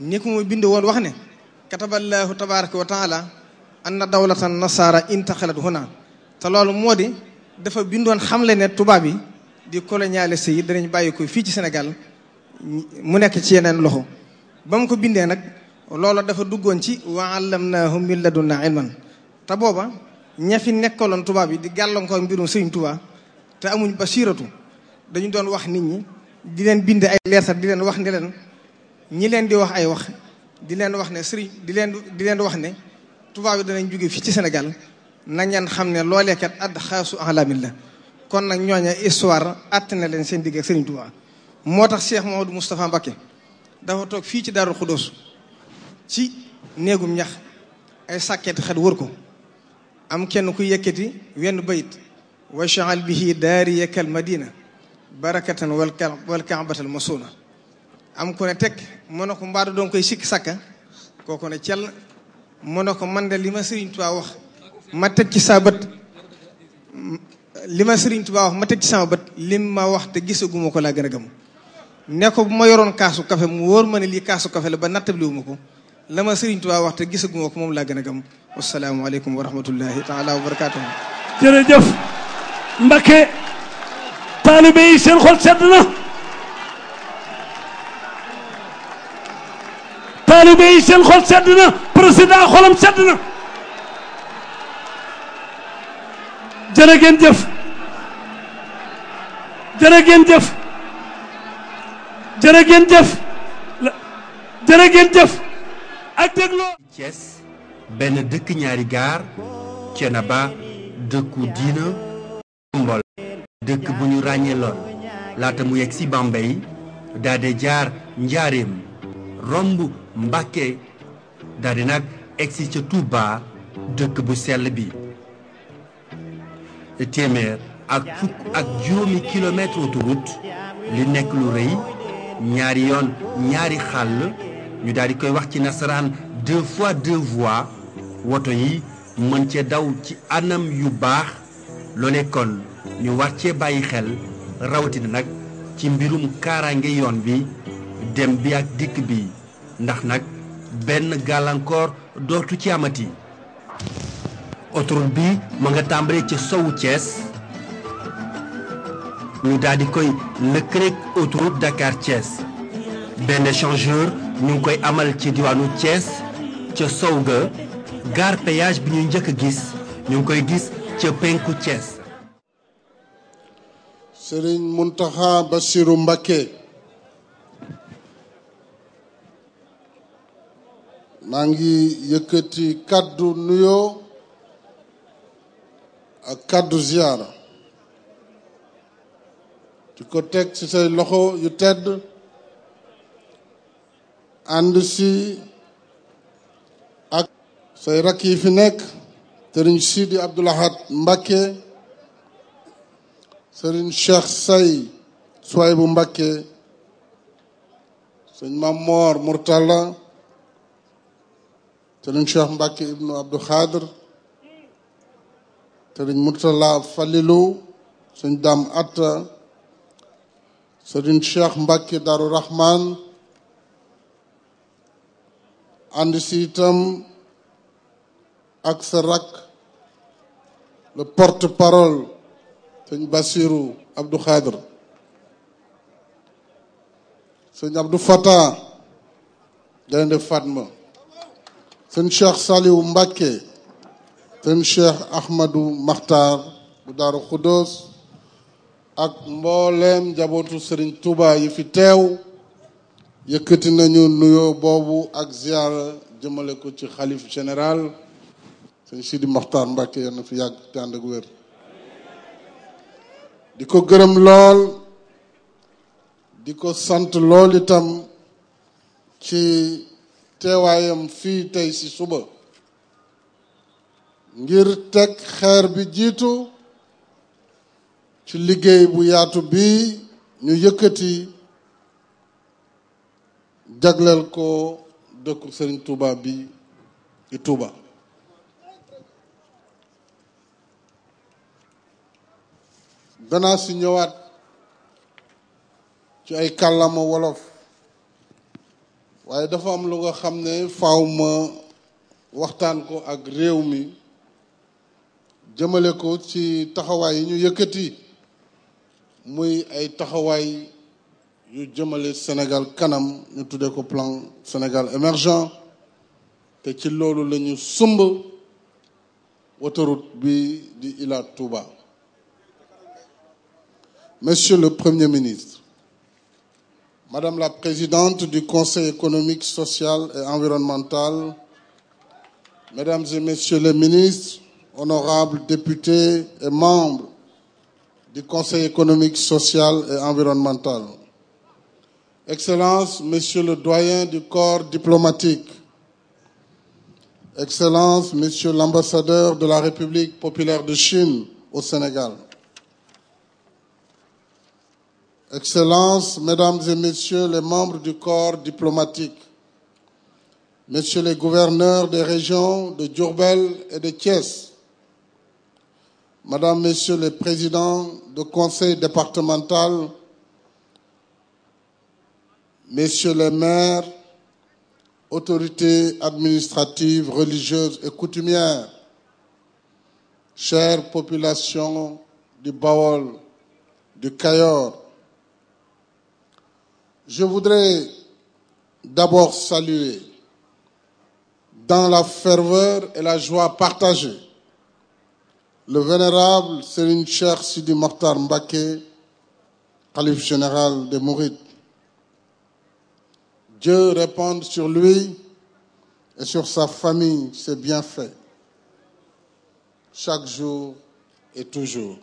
C: ni ko mu bind woon wax ne kataballaahu tabaraka wa taala anna dawlatan nasara intaxalat huna te loolu moo di dafa bindoon xamle ne tubaab yi di colonialiste yi danañ bàyyi ko fii ci senegal mu nekk ci yeneen loxo ba ko bindee nag loolu dafa duggoon ci wa allamnaahu min ladunna ilman te booba ña fi nekkaloon tubaab yi di gàllankoor mbirum sëriñ Tuubaa te amuñ ba dañu doon wax nit ñi di leen bind ay leetar di leen wax ne leen ñi leen di wax ay wax di leen wax ne sëriñ di leen di leen wax ne tubaab bi danañ jóge fii ci Sénégal nañ leen xam ne loolee kat ad xaasu alamin la kon nag ñooña histoire at na leen seen digg ak sëriñ Touba moo tax Cheikh Mamadou Moustapha Mbacké dafa toog fii ci Daarul Xudóos ci néegum ñax ay sàkkeeti xet wër ko am kenn ku yëkkati wenn bayit wa shaal bihi daariya kal madina barakatan wal wal kaabatal masuuna am ku ne teg mu ne ko mbaadu doon koy sikk sakka kooku ne cell mu ne ko man de li ma Sëriñ Tuubaa wax ma teg ci saa bët li ma Sëriñ Tuubaa wax ma teg ci sama bët lim ma wax te gisaguma ko la gën a gëm ne ko bu ma yoroon kaasu kafe mu wóor ma ne lii kaasu kafe la ba nattabliwuma ko la ma Sëriñ Tuubaa wax te gisaguma ko moom la gën a gëm wasalaamualeykum wa rahmatullahi taala wa barakaatuhu jërëjëf Mbakke taalibe yi seen xol sedd
B: na taalibe yi seen xol sedd na président xolam sedd na jërë ngeen jëf jërë jëf jërë jëf jërë jëf ak dégloo
I: Thiès benn dëkk ñaari gaar Thiénaba dëkku diina mbool dëkk bu ñu ràññee lool laata mu yegg si Bambey daal di jaar Njaareem romb Mbàkke daal nag egsi ca Touba dëkk bu sell bi téeméer ak fukk ak juróomi kilomètre li nekk lu rëy ñaari yoon ñaari xàll ñu daldi koy wax ci nasaraan deux fois deux voies woto yi mën cee daw ci anam yu baax loolee kon ñu war cee bàyyi xel rawatina nag ci mbirum kaaraange yoon bi dem bi ak dikk bi ndax nag benn gàllankoor dootu ci amati. autoroute bi ma nga tàmbalee ca sowu Thiès ñu daal koy lëkkaleeg autoroute Dakar Thiès benn échangeur ñu ngi koy amal ci diwaanu Thiès ca sow ga gare péage bi ñuy njëkk a gis ñu ngi koy gis
E: ca penku Thiès. Sëriñ Muntaxa Basiru mbake maa ngi yëkkati kàddu nuyoo ak kàddu ziyaara di ko teg ci say loxo yu tedd ànd si ak say rakk yi fi nekk Sëriñ Sidi Abdou Lahad Mbakke Serigne Cheikh Say Souhaïbou Mbacké Serigne Mamor Mourtala Serigne Cheikh Mbacké Ibnu Abdou Khadr Serigne Mourtala Falilou Serigne Dame Atta Serigne Cheikh Mbacké Darou Rahman ànd si itam ak sa rak le porte-parole sëñ Bassirou Abdou Khadr sëñ Abdou Fatah Gaynde Fatma sëñ Cheikh Saliou Mbacké sëñ Cheikh Ahmadou Makhtar bu Daaru Khoudoos ak mbooleem njabootu Serigne Touba yi fi teew yëkkati nañu nuyoo boobu ak ziyaara jëmale ko ci xalif général sëñ Sidi Makhtar Mbacké yal na fi yàgg te ànd ak di ko gërëm lool di ko sant lool itam ci teewaayam fii tey ci suba ngir teg xeer bi jiitu ci liggéey bu yaatu bi ñu yëkkati jagleel ko dëkku Sëriñ Tuuba bi di Tuuba danaa si ñëwaat ci ay kàllaama wolof waaye dafa am lu nga xam ne faaw waxtaan ko ak réew mi jëmale ko ci taxawaay yi ñu yëkkati muy ay taxawaay yu jëmale Sénégal kanam ñu tuddee ko plan Sénégal émergent te ci loolu lañu sumb autoroute bi di ilaa Touba Monsieur le Premier ministre, Madame la Présidente du Conseil économique, social et environnemental, Mesdames et Messieurs les ministres, honorables députés et membres du Conseil économique, social et environnemental, Excellence, Monsieur le doyen du corps diplomatique, Excellence, Monsieur l'ambassadeur de la République populaire de Chine au Sénégal, Excellences, Mesdames et Messieurs les membres du corps diplomatique, Messieurs les gouverneurs des régions de Djurbel et de Thiès, Madame, Messieurs les présidents du conseil départemental, Messieurs les maires, autorités administratives, religieuses et coutumières, chères populations du Baol, du Cayor, je voudrais d'abord saluer dans la ferveur et la joie partagée le vénérable une Cher Sidi Mortar Mbake, calife général de Mourid. Dieu réponde sur lui et sur sa famille, ses bienfaits, chaque jour et toujours.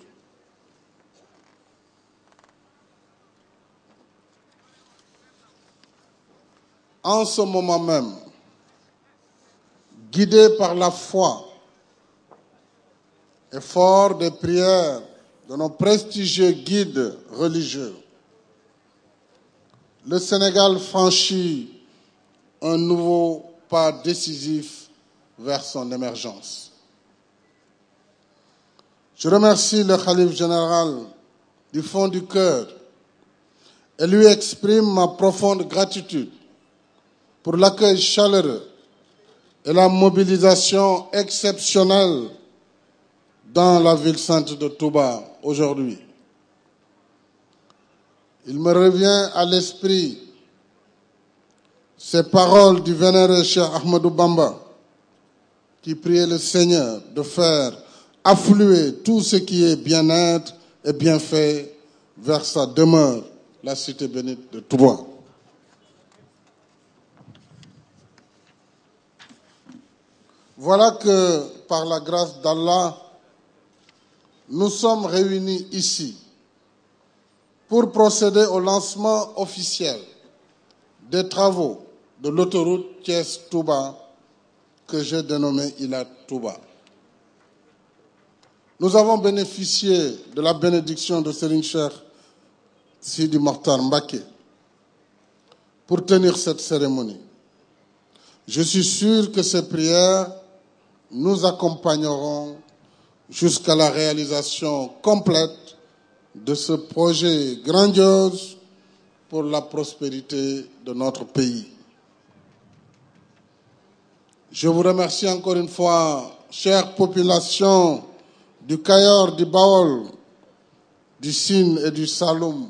E: en ce moment même, guidé par la foi et fort des prières de nos prestigieux guides religieux, le Sénégal franchit un nouveau pas décisif vers son émergence. Je remercie le Khalif général du fond du cœur et lui exprime ma profonde gratitude pour l'accueil chaleureux et la mobilisation exceptionnelle dans la ville sainte de Touba aujourd'hui. Il me revient à l'esprit ces paroles du vénéré cher Ahmadou Bamba qui priait le Seigneur de faire affluer tout ce qui est bien-être et bienfait vers sa demeure, la cité bénite de Touba. Voilà que, par la grâce d'Allah, nous sommes réunis ici pour procéder au lancement officiel des travaux de l'autoroute Thiès-Touba que j'ai dénommée Ilat-Touba. Nous avons bénéficié de la bénédiction de Sérine Cher Sidi Mortar Mbake pour tenir cette cérémonie. Je suis sûr que ces prières nous accompagnerons jusqu'à la réalisation complète de ce projet grandiose pour la prospérité de notre pays. Je vous remercie encore une fois, chère population du Cayor, du Baol, du Sine et du Saloum,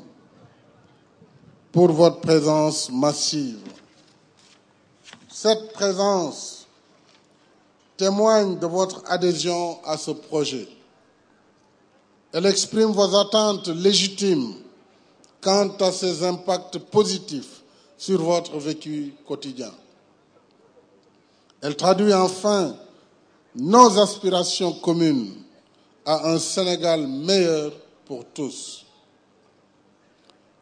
E: pour votre présence massive. Cette présence témoigne de votre adhésion à ce projet. Elle exprime vos attentes légitimes quant à ses impacts positifs sur votre vécu quotidien. Elle traduit enfin nos aspirations communes à un Sénégal meilleur pour tous.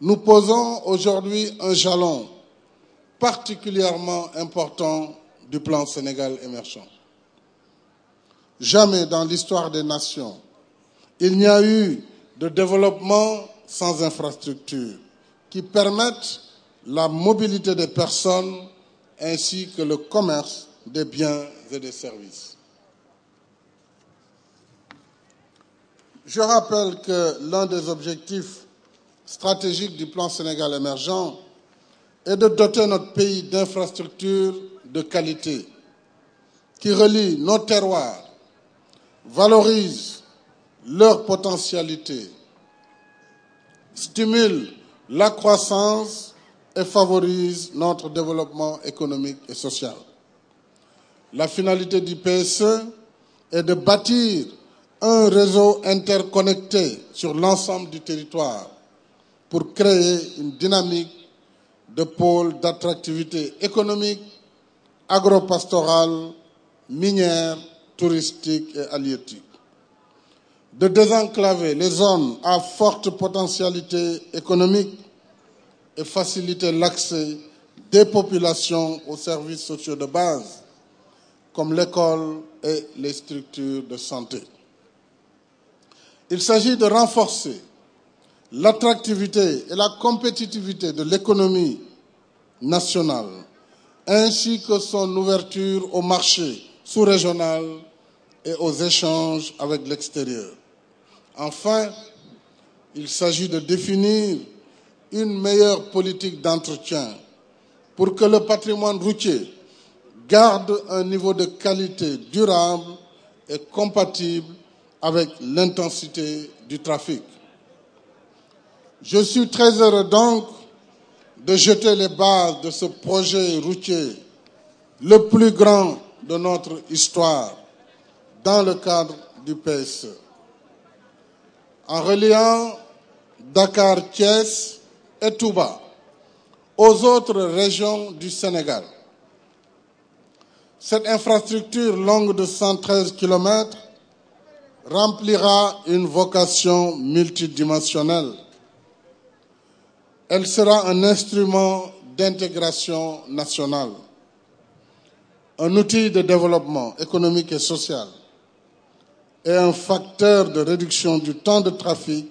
E: Nous posons aujourd'hui un jalon particulièrement important du plan Sénégal émergent. Jamais dans l'histoire des nations, il n'y a eu de développement sans infrastructure qui permettent la mobilité des personnes ainsi que le commerce des biens et des services. Je rappelle que l'un des objectifs stratégiques du plan Sénégal émergent est de doter notre pays d'infrastructures de qualité qui relient nos terroirs valorisent leur potentialité, stimule la croissance et favorise notre développement économique et social. La finalité du PSE est de bâtir un réseau interconnecté sur l'ensemble du territoire pour créer une dynamique de pôles d'attractivité économique, agropastorale, minière touristiques et halieutiques, de désenclaver les zones à forte potentialité économique et faciliter l'accès des populations aux services sociaux de base, comme l'école et les structures de santé. Il s'agit de renforcer l'attractivité et la compétitivité de l'économie nationale, ainsi que son ouverture au marché sous régional et aux échanges avec l'extérieur. Enfin, il s'agit de définir une meilleure politique d'entretien pour que le patrimoine routier garde un niveau de qualité durable et compatible avec l'intensité du trafic. Je suis très heureux donc de jeter les bases de ce projet routier le plus grand de notre histoire dans le cadre du PSE. En reliant Dakar, Thiès et Touba aux autres régions du Sénégal. Cette infrastructure longue de 113 km remplira une vocation multidimensionnelle. Elle sera un instrument d'intégration nationale un outil de développement économique et social et un facteur de réduction du temps de trafic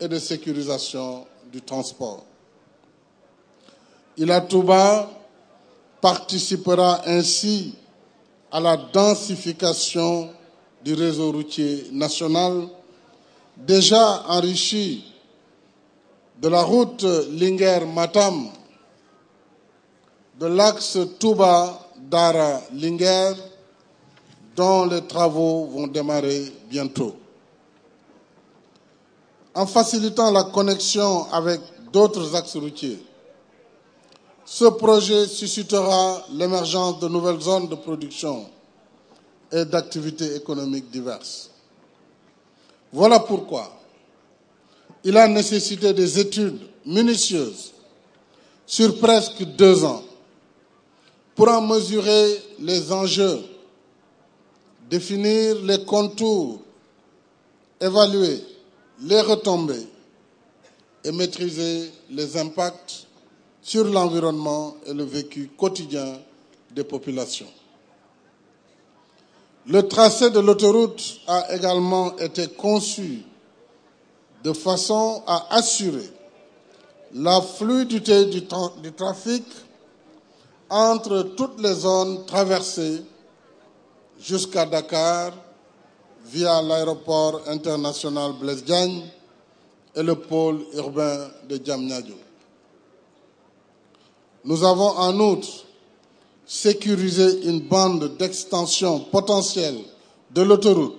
E: et de sécurisation du transport. Touba participera ainsi à la densification du réseau routier national, déjà enrichi de la route Linger-Matam, de l'axe Touba Dara Linger, dont les travaux vont démarrer bientôt. En facilitant la connexion avec d'autres axes routiers, ce projet suscitera l'émergence de nouvelles zones de production et d'activités économiques diverses. Voilà pourquoi il a nécessité des études minutieuses sur presque deux ans pour en mesurer les enjeux, définir les contours, évaluer les retombées et maîtriser les impacts sur l'environnement et le vécu quotidien des populations. Le tracé de l'autoroute a également été conçu de façon à assurer la fluidité du, du trafic entre toutes les zones traversées jusqu'à Dakar via l'aéroport international Blaise et le pôle urbain de Djamnadio. Nous avons en outre sécurisé une bande d'extension potentielle de l'autoroute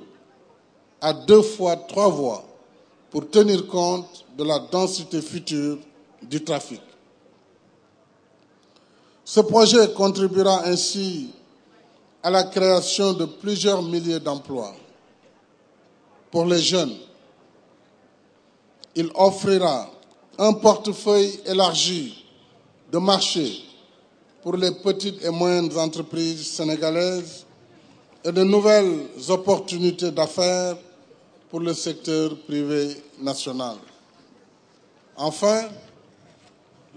E: à deux fois trois voies pour tenir compte de la densité future du trafic. Ce projet contribuera ainsi à la création de plusieurs milliers d'emplois pour les jeunes. Il offrira un portefeuille élargi de marché pour les petites et moyennes entreprises sénégalaises et de nouvelles opportunités d'affaires pour le secteur privé national. Enfin,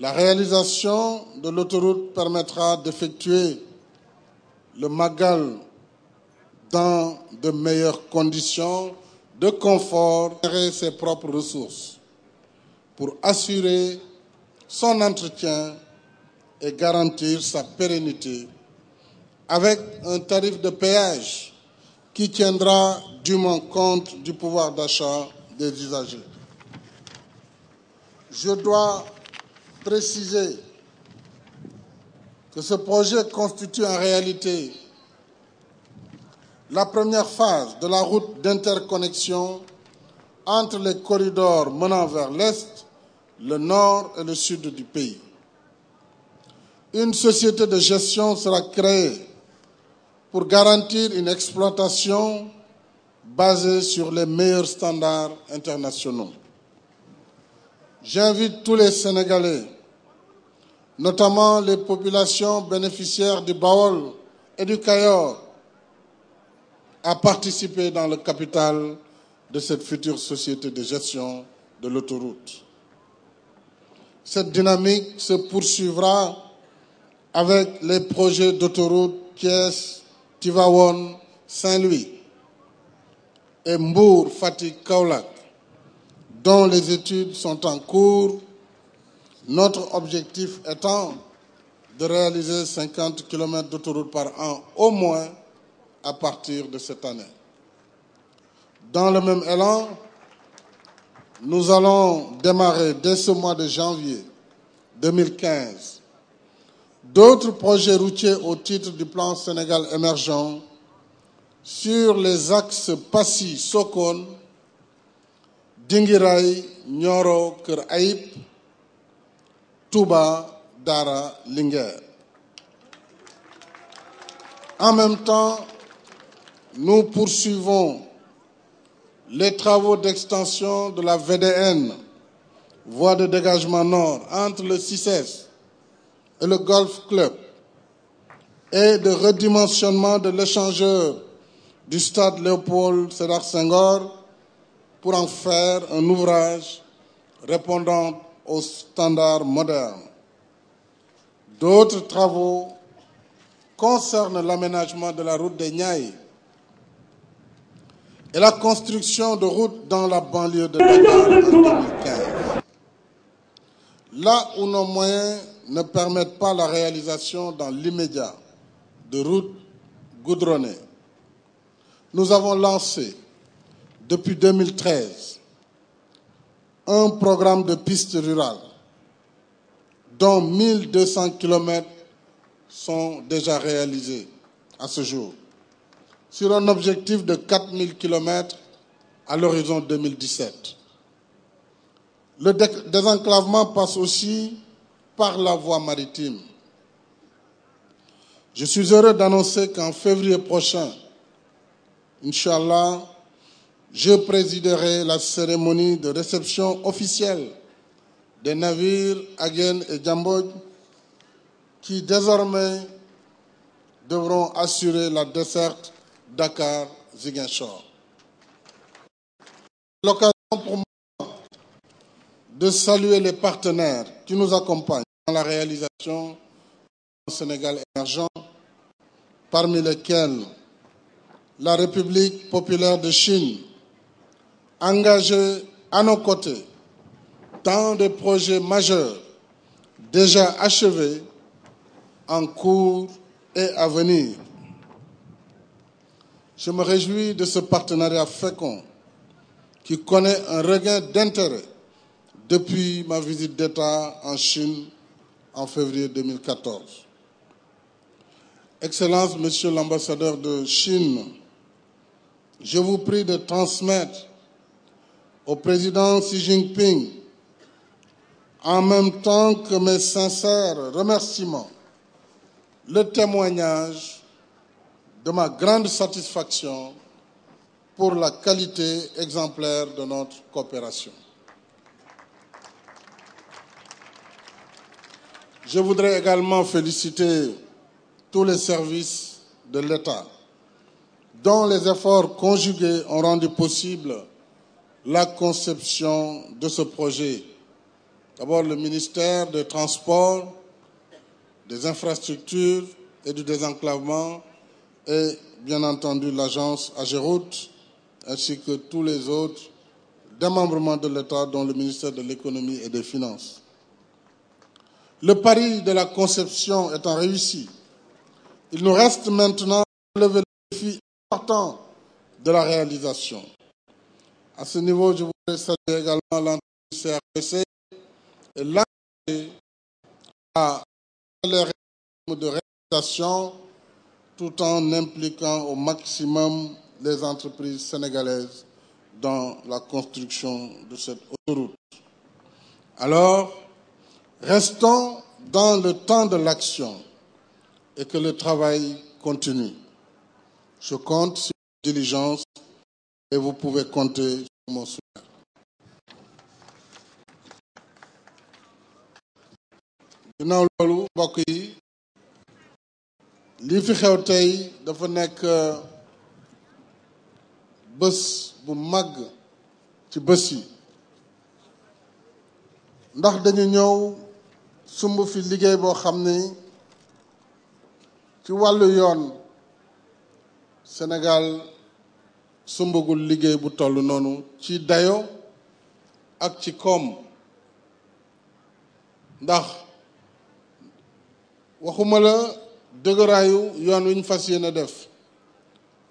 E: la réalisation de l'autoroute permettra d'effectuer le Magal dans de meilleures conditions de confort et ses propres ressources pour assurer son entretien et garantir sa pérennité avec un tarif de péage qui tiendra dûment compte du pouvoir d'achat des usagers. Je dois préciser que ce projet constitue en réalité la première phase de la route d'interconnexion entre les corridors menant vers l'Est, le Nord et le Sud du pays. Une société de gestion sera créée pour garantir une exploitation basée sur les meilleurs standards internationaux. J'invite tous les Sénégalais notamment les populations bénéficiaires du Baol et du Cayor, à participer dans le capital de cette future société de gestion de l'autoroute. Cette dynamique se poursuivra avec les projets d'autoroute Thiès, Tivawon, Saint-Louis et Mbour, Fatih, Kaulak, dont les études sont en cours notre objectif étant de réaliser 50 km d'autoroute par an au moins à partir de cette année. Dans le même élan, nous allons démarrer dès ce mois de janvier 2015 d'autres projets routiers au titre du plan Sénégal émergent sur les axes Passy-Sokone, Dingirai, Nyoro, Keraïp, Touba, Dara, Linger. En même temps, nous poursuivons les travaux d'extension de la VDN, voie de dégagement nord, entre le 6 e et le Golf Club, et de redimensionnement de l'échangeur du stade Léopold Sédar Senghor pour en faire un ouvrage répondant aux standards modernes. D'autres travaux concernent l'aménagement de la route des Niaï et la construction de routes dans la banlieue de Dakar Là où nos moyens ne permettent pas la réalisation dans l'immédiat de routes goudronnées, nous avons lancé depuis 2013 un programme de pistes rurales dont 1200 km sont déjà réalisés à ce jour, sur un objectif de 4000 km à l'horizon 2017. Le désenclavement passe aussi par la voie maritime. Je suis heureux d'annoncer qu'en février prochain, Inch'Allah, je présiderai la cérémonie de réception officielle des navires Aguen et Djambod qui désormais devront assurer la desserte Dakar-Ziguinchor. L'occasion pour moi de saluer les partenaires qui nous accompagnent dans la réalisation du Sénégal émergent, parmi lesquels la République populaire de Chine, engagé à nos côtés tant de projets majeurs déjà achevés, en cours et à venir. Je me réjouis de ce partenariat fécond qui connaît un regain d'intérêt depuis ma visite d'État en Chine en février 2014. Excellence, Monsieur l'ambassadeur de Chine, je vous prie de transmettre au président Xi Jinping, en même temps que mes sincères remerciements, le témoignage de ma grande satisfaction pour la qualité exemplaire de notre coopération. Je voudrais également féliciter tous les services de l'État, dont les efforts conjugués ont rendu possible la conception de ce projet. D'abord, le ministère des Transports, des Infrastructures et du Désenclavement et bien entendu l'agence Agéroute ainsi que tous les autres démembrements de l'État dont le ministère de l'Économie et des Finances. Le pari de la conception étant réussi, il nous reste maintenant lever le défi important de la réalisation. À ce niveau, je voudrais saluer également l'entreprise CRPC et à les de réalisation tout en impliquant au maximum les entreprises sénégalaises dans la construction de cette autoroute. Alors, restons dans le temps de l'action et que le travail continue. Je compte sur la diligence et vous pouvez compter sur mon soutien. loolu mbokk li fi xew tey dafa uh, bu ci yi ndax dañu ñëw fi liggéey Sénégal sumbagul liggéey bu toll noonu ci dayo ak ci koom ndax waxuma la dëgëraayu yoon wi ñu fas yéene def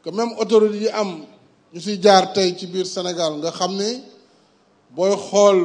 E: que même autorité yi am ñu si jaar tey ci biir Sénégal nga xam ni booy xool